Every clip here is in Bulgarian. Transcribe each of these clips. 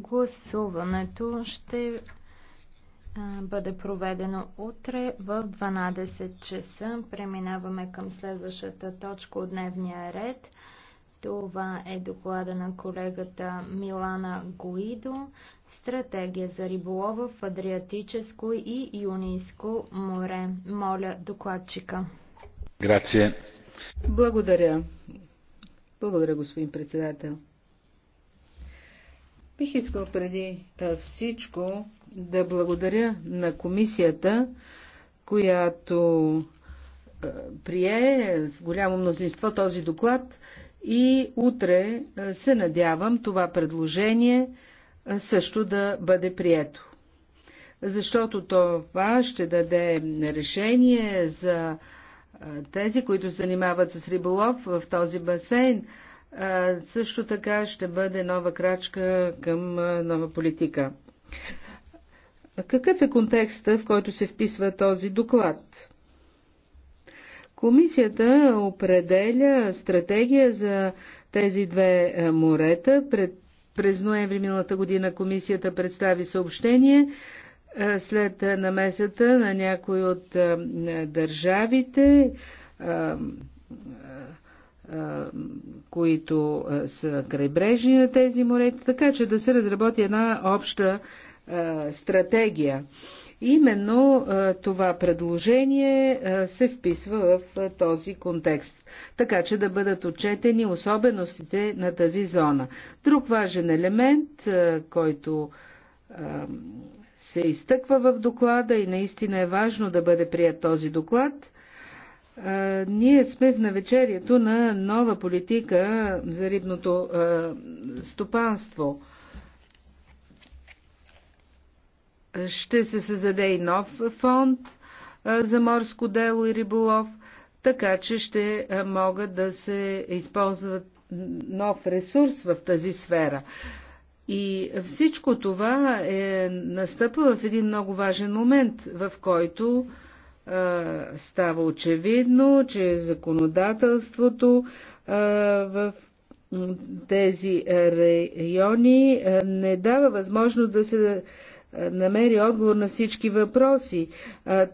Гласуването ще бъде проведено утре в 12 часа. Преминаваме към следващата точка от дневния ред. Това е доклада на колегата Милана Гоидо. Стратегия за риболова в Адриатическо и Юнийско море. Моля докладчика. Грация. Благодаря. Благодаря, господин председател. Бих искал преди всичко да благодаря на комисията, която прие с голямо мнозинство този доклад и утре се надявам това предложение също да бъде прието. Защото това ще даде решение за тези, които занимават с риболов в този басейн, също така ще бъде нова крачка към нова политика. Какъв е контекста, в който се вписва този доклад? Комисията определя стратегия за тези две морета. Пред, през ноември миналата година комисията представи съобщение след намесата на някои от държавите които са крайбрежни на тези морета, така че да се разработи една обща стратегия. Именно това предложение се вписва в този контекст, така че да бъдат отчетени особеностите на тази зона. Друг важен елемент, който се изтъква в доклада и наистина е важно да бъде прият този доклад – ние сме в навечерието на нова политика за рибното стопанство. Ще се създаде и нов фонд за морско дело и риболов, така че ще могат да се използват нов ресурс в тази сфера. И всичко това е настъпва в един много важен момент, в който става очевидно, че законодателството в тези райони не дава възможност да се намери отговор на всички въпроси.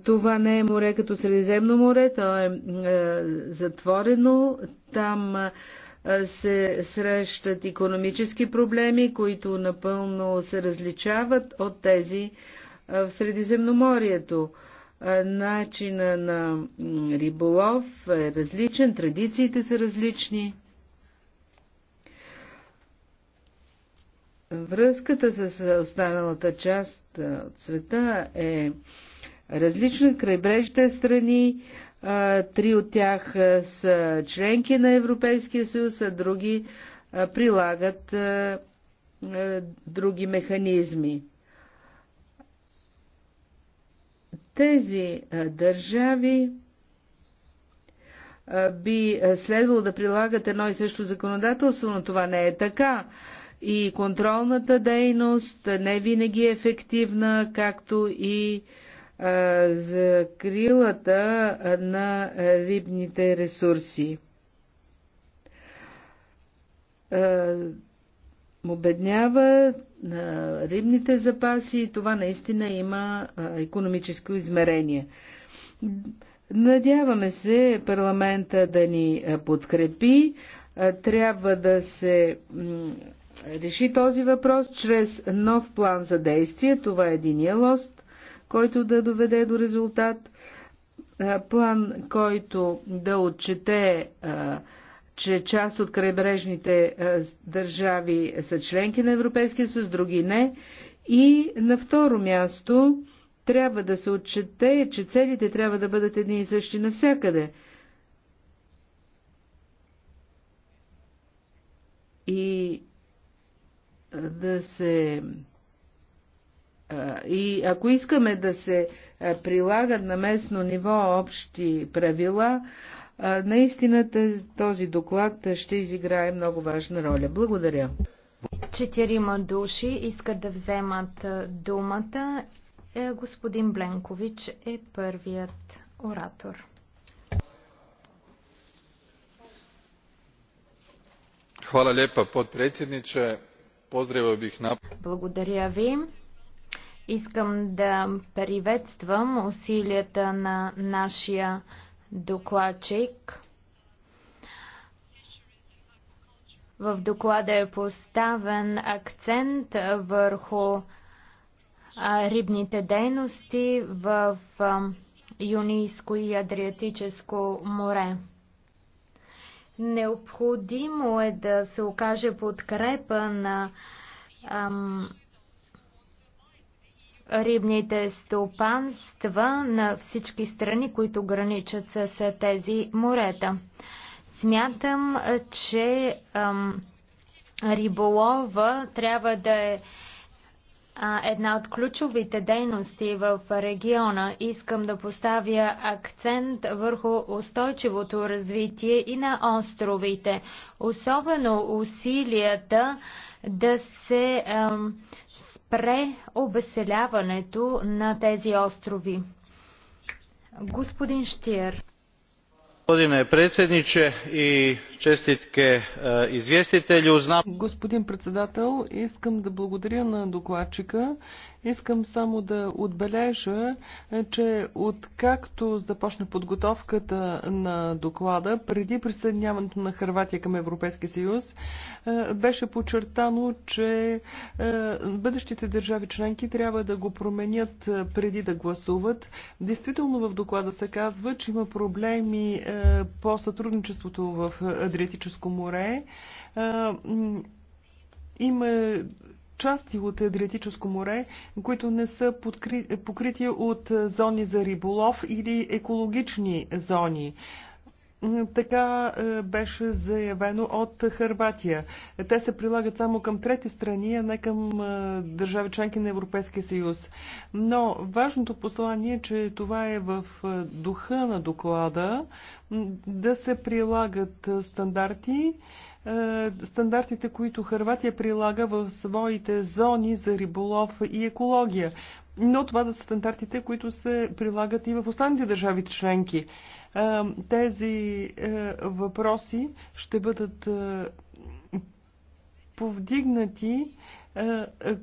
Това не е море като Средиземно море, то е затворено. Там се срещат економически проблеми, които напълно се различават от тези в Средиземноморието начина на риболов е различен, традициите са различни. Връзката с останалата част от света е различна. Крайбрежните страни, три от тях са членки на Европейския съюз, а други прилагат други механизми. Тези държави би следвало да прилагат едно и също законодателство, но това не е така. И контролната дейност не винаги е ефективна, както и за крилата на рибните ресурси обеднява на рибните запаси и това наистина има економическо измерение. Надяваме се парламента да ни подкрепи. Трябва да се реши този въпрос чрез нов план за действие. Това е единия лост, който да доведе до резултат. План, който да отчете че част от крайбрежните е, държави са членки на Европейския съюз, други не. И на второ място трябва да се отчете, че целите трябва да бъдат едни и същи навсякъде. И е, да се. Е, и ако искаме да се прилагат на местно ниво общи правила, Наистина този доклад ще изиграе много важна роля. Благодаря. Четирима души искат да вземат думата. Е, господин Бленкович е първият оратор. Благодаря ви. Искам да приветствам усилията на нашия докладчик. В доклада е поставен акцент върху рибните дейности в Юнийско и Адриатическо море. Необходимо е да се окаже подкрепа на ам, рибните стопанства на всички страни, които граничат с тези морета. Смятам, че ам, риболова трябва да е а, една от ключовите дейности в региона. Искам да поставя акцент върху устойчивото развитие и на островите, особено усилията да се ам, спре обеселяването на тези острови. Господин Штиер gospodine predsjednie i estitke e, izvjestitelju. господин председател искам да благодаря на докладчика. искам само да отбележа е, че откакто започна подготовката на доклада преди присъединяването на Харватия към европейския съюз е, беше подчертано че е, бъдещите държави членки трябва да го променят преди да гласуват. действително в доклада се казва че има проблеми по сътрудничеството в Адриатическо море. Има части от Адриатическо море, които не са покрити от зони за риболов или екологични зони. Така е, беше заявено от Харватия. Те се прилагат само към трети страни, а не към е, държави членки на Европейския съюз. Но важното послание е, че това е в е, духа на доклада да се прилагат стандарти, стандартите, които Харватия прилага в своите зони за риболов и екология. Но това да са стандартите, които се прилагат и в останалите държави членки. Е, тези е, въпроси ще бъдат е, повдигнати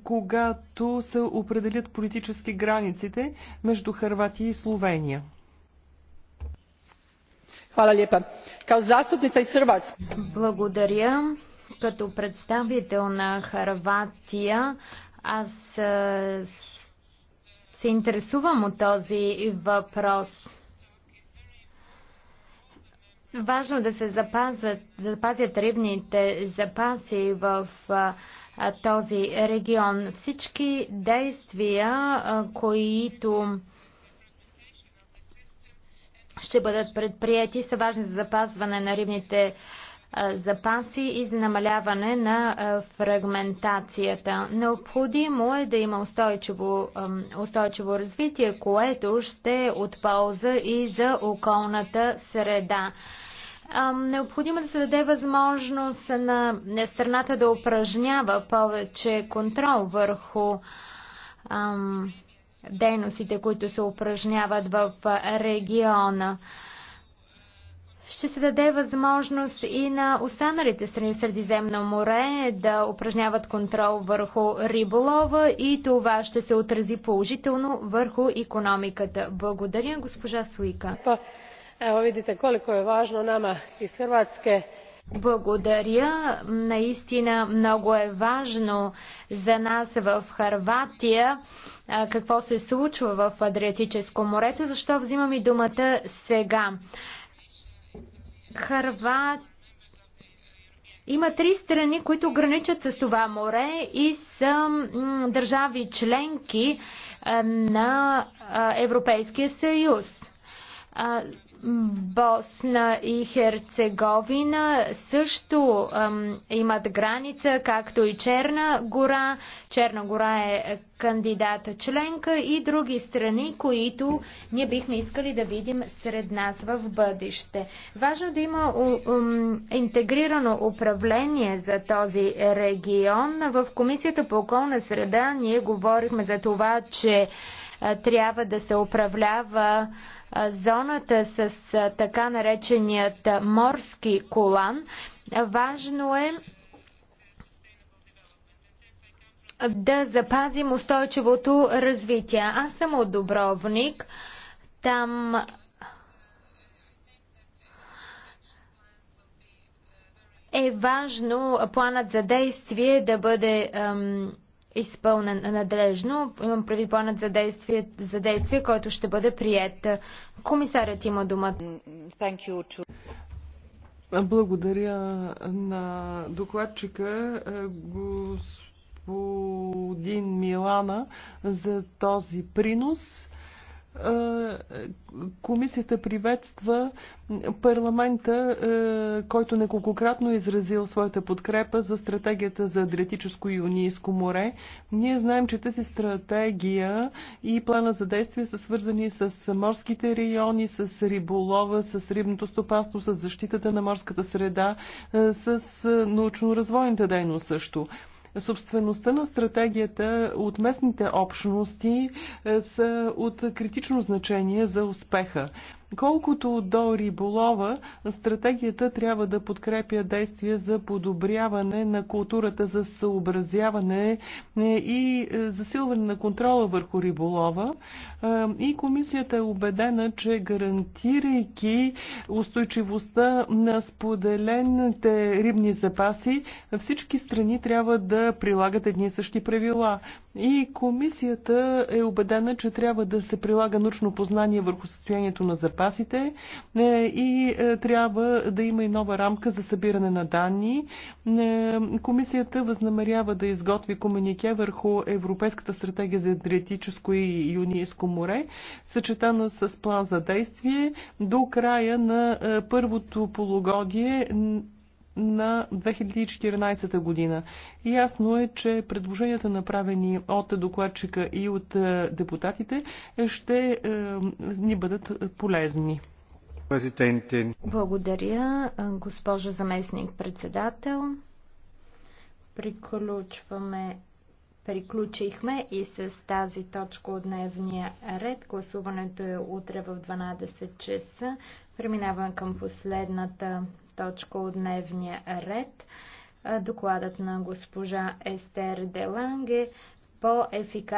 когато се определят политически границите между Харватия и Словения. Хвала лепа. Као заступница из Хрватска. Благодаря. Като представител на Харватия, аз се интересувам от този въпрос. Важно е да се запазят, да запазят рибните запаси в а, този регион. Всички действия, а, които ще бъдат предприяти, са важни за запазване на рибните запаси запаси и за намаляване на фрагментацията. Необходимо е да има устойчиво, устойчиво развитие, което ще е от полза и за околната среда. Необходимо е да се даде възможност на страната да упражнява повече контрол върху дейностите, които се упражняват в региона ще се даде възможност и на останалите страни Средиземно море да упражняват контрол върху риболова и това ще се отрази положително върху економиката. Благодаря, госпожа Суика. ево видите колко е важно нама из Хрватске. благодаря. Наистина много е важно за нас в Харватия какво се случва в Адриатическо морето, защо взимам и думата сега. Харват... Има три страни, които граничат с това море и са държави членки е, на е, Европейския съюз. Босна и Херцеговина също имат граница, както и Черна гора. Черна гора е кандидата членка и други страни, които ние бихме искали да видим сред нас в бъдеще. Важно да има интегрирано управление за този регион. В Комисията по околна среда ние говорихме за това, че трябва да се управлява зоната с така нареченият морски колан. Важно е да запазим устойчивото развитие. Аз съм от Добровник. Там е важно планът за действие да бъде ем, изпълнен надлежно. Имам преди планът за действие, за действие, който ще бъде прият. Комисарят има думата. Благодаря на докладчика, е, господин господин Милана за този принос. Е, комисията приветства парламента, е, който неколкократно е изразил своята подкрепа за стратегията за Адриатическо и унийско море. Ние знаем, че тази стратегия и плана за действие са свързани с морските райони, с риболова, с рибното стопанство, с защитата на морската среда, с научно-развойната дейност също. Собствеността на стратегията от местните общности е, са от критично значение за успеха. Колкото до риболова, стратегията трябва да подкрепя действия за подобряване на културата за съобразяване е, и е, засилване на контрола върху риболова. Е, и комисията е убедена, че гарантирайки устойчивостта на споделените рибни запаси, всички страни трябва да прилагат едни и същи правила. И комисията е убедена, че трябва да се прилага научно познание върху състоянието на запасите е, и е, трябва да има и нова рамка за събиране на данни. Е, комисията възнамерява да изготви комунике върху Европейската стратегия за Адриатическо и Юнийско море, съчетана с план за действие до края на първото полугодие на 2014 година. Ясно е, че предложенията направени от докладчика и от е, депутатите е, ще е, ни бъдат полезни. Благодаря, госпожо заместник председател. Приключваме Приключихме и с тази точка от дневния ред. Гласуването е утре в 12 часа. Преминаваме към последната точка от дневния ред. Докладът на госпожа Естер Деланге по ефикасност